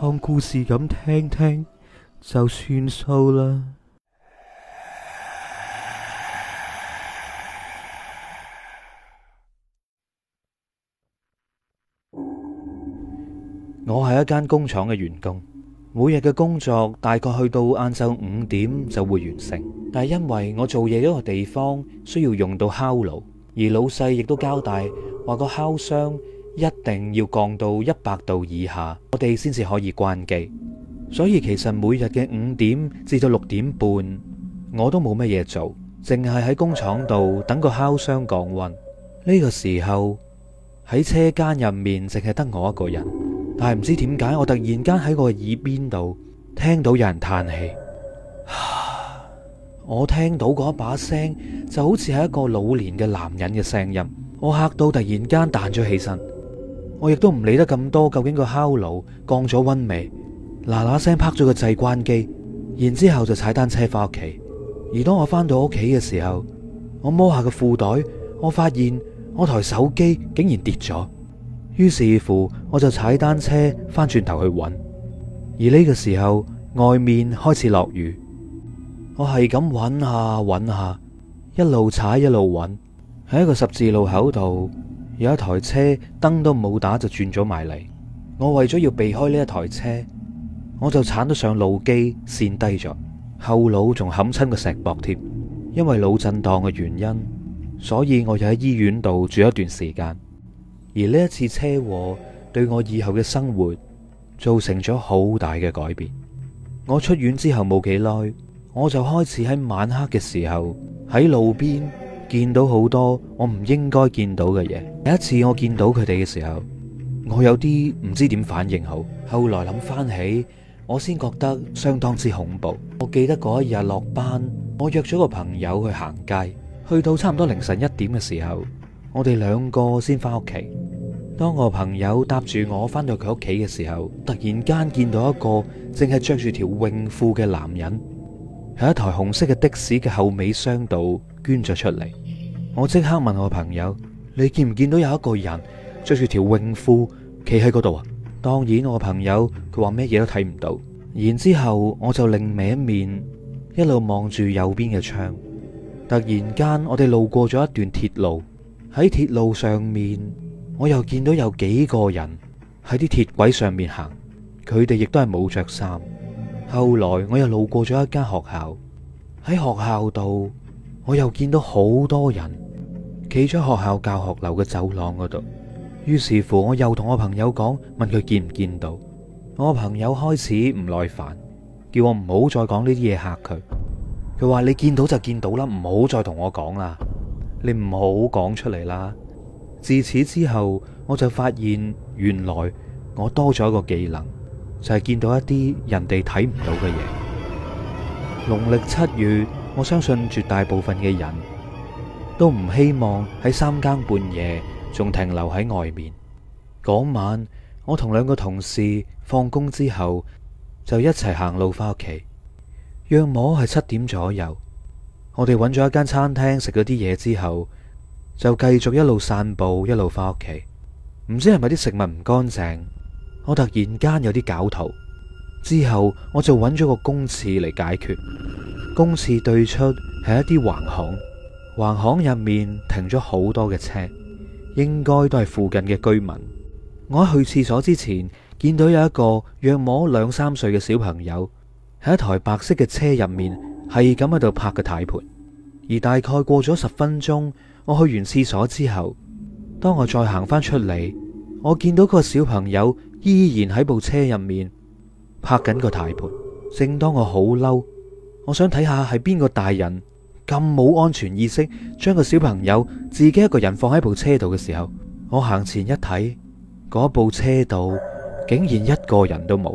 當故事咁聽聽就算數啦。我係一間工廠嘅員工，每日嘅工作大概去到晏晝五點就會完成。但係因為我做嘢一個地方需要用到烤爐，而老細亦都交代話個烤箱，一定要降到一百度以下，我哋先至可以關機。所以其實每日嘅五點至到六點半，我都冇乜嘢做，淨係喺工廠度等個烤箱降溫。呢個時候喺車間入面，淨係得我一個人。但係唔知點解，我突然間喺個耳邊度聽到有人嘆氣。我聽到嗰把聲就好似係一個老年嘅男人嘅聲音，我嚇到突然間彈咗起身。我亦都唔理得咁多，究竟個烤爐降咗温未？嗱嗱聲拍咗個掣關機，然之後就踩單車翻屋企。而當我翻到屋企嘅時候，我摸下個褲袋，我發現我台手機竟然跌咗。於是乎，我就踩單車翻轉頭去揾。而呢個時候，外面開始落雨。我係咁揾下揾下，一路踩一路揾，喺一個十字路口度。有一台車燈都冇打就轉咗埋嚟，我為咗要避開呢一台車，我就鏟咗上路基，跣低咗後腦仲冚親個石膊貼，因為腦震盪嘅原因，所以我又喺醫院度住一段時間。而呢一次車禍對我以後嘅生活造成咗好大嘅改變。我出院之後冇幾耐，我就開始喺晚黑嘅時候喺路邊，見到好多我唔應該見到嘅嘢。第一次我見到佢哋嘅時候，我有啲唔知點反應好。後來諗翻起，我先覺得相當之恐怖。我記得嗰一日落班，我約咗個朋友去行街，去到差唔多凌晨一點嘅時候，我哋兩個先翻屋企。當我朋友搭住我翻到佢屋企嘅時候，突然間見到一個淨係着住條泳褲嘅男人。喺一台紅色嘅的、的士嘅後尾箱度捐咗出嚟，我即刻問我朋友：你見唔見到有一個人着住條泳褲企喺嗰度啊？當然，我朋友佢話咩嘢都睇唔到。然之後我就擰歪一面，一路望住右邊嘅窗。突然間，我哋路過咗一段鐵路，喺鐵路上面，我又見到有幾個人喺啲鐵軌上面行，佢哋亦都係冇着衫。後來我又路過咗一間學校，喺學校度我又見到好多人企咗學校教學樓嘅走廊嗰度。於是乎，我又同我朋友講，問佢見唔見到。我朋友開始唔耐煩，叫我唔好再講呢啲嘢嚇佢。佢話你見到就見到啦，唔好再同我講啦，你唔好講出嚟啦。自此之後，我就發現原來我多咗一個技能。就係見到一啲人哋睇唔到嘅嘢。農曆七月，我相信絕大部分嘅人都唔希望喺三更半夜仲停留喺外面。嗰晚，我同兩個同事放工之後就一齊行路翻屋企。約摸係七點左右，我哋揾咗一間餐廳食咗啲嘢之後，就繼續一路散步一路翻屋企。唔知係咪啲食物唔乾淨？我突然間有啲搞頭，之後我就揾咗個公廁嚟解決。公廁對出係一啲橫巷，橫巷入面停咗好多嘅車，應該都係附近嘅居民。我喺去廁所之前見到有一個約摸兩三歲嘅小朋友喺一台白色嘅車入面係咁喺度拍個軚盤。而大概過咗十分鐘，我去完廁所之後，當我再行翻出嚟，我見到個小朋友。依然喺部車入面拍緊個軚盤。正當我好嬲，我想睇下係邊個大人咁冇安全意識，將個小朋友自己一個人放喺部車度嘅時候，我行前一睇，嗰部車度竟然一個人都冇。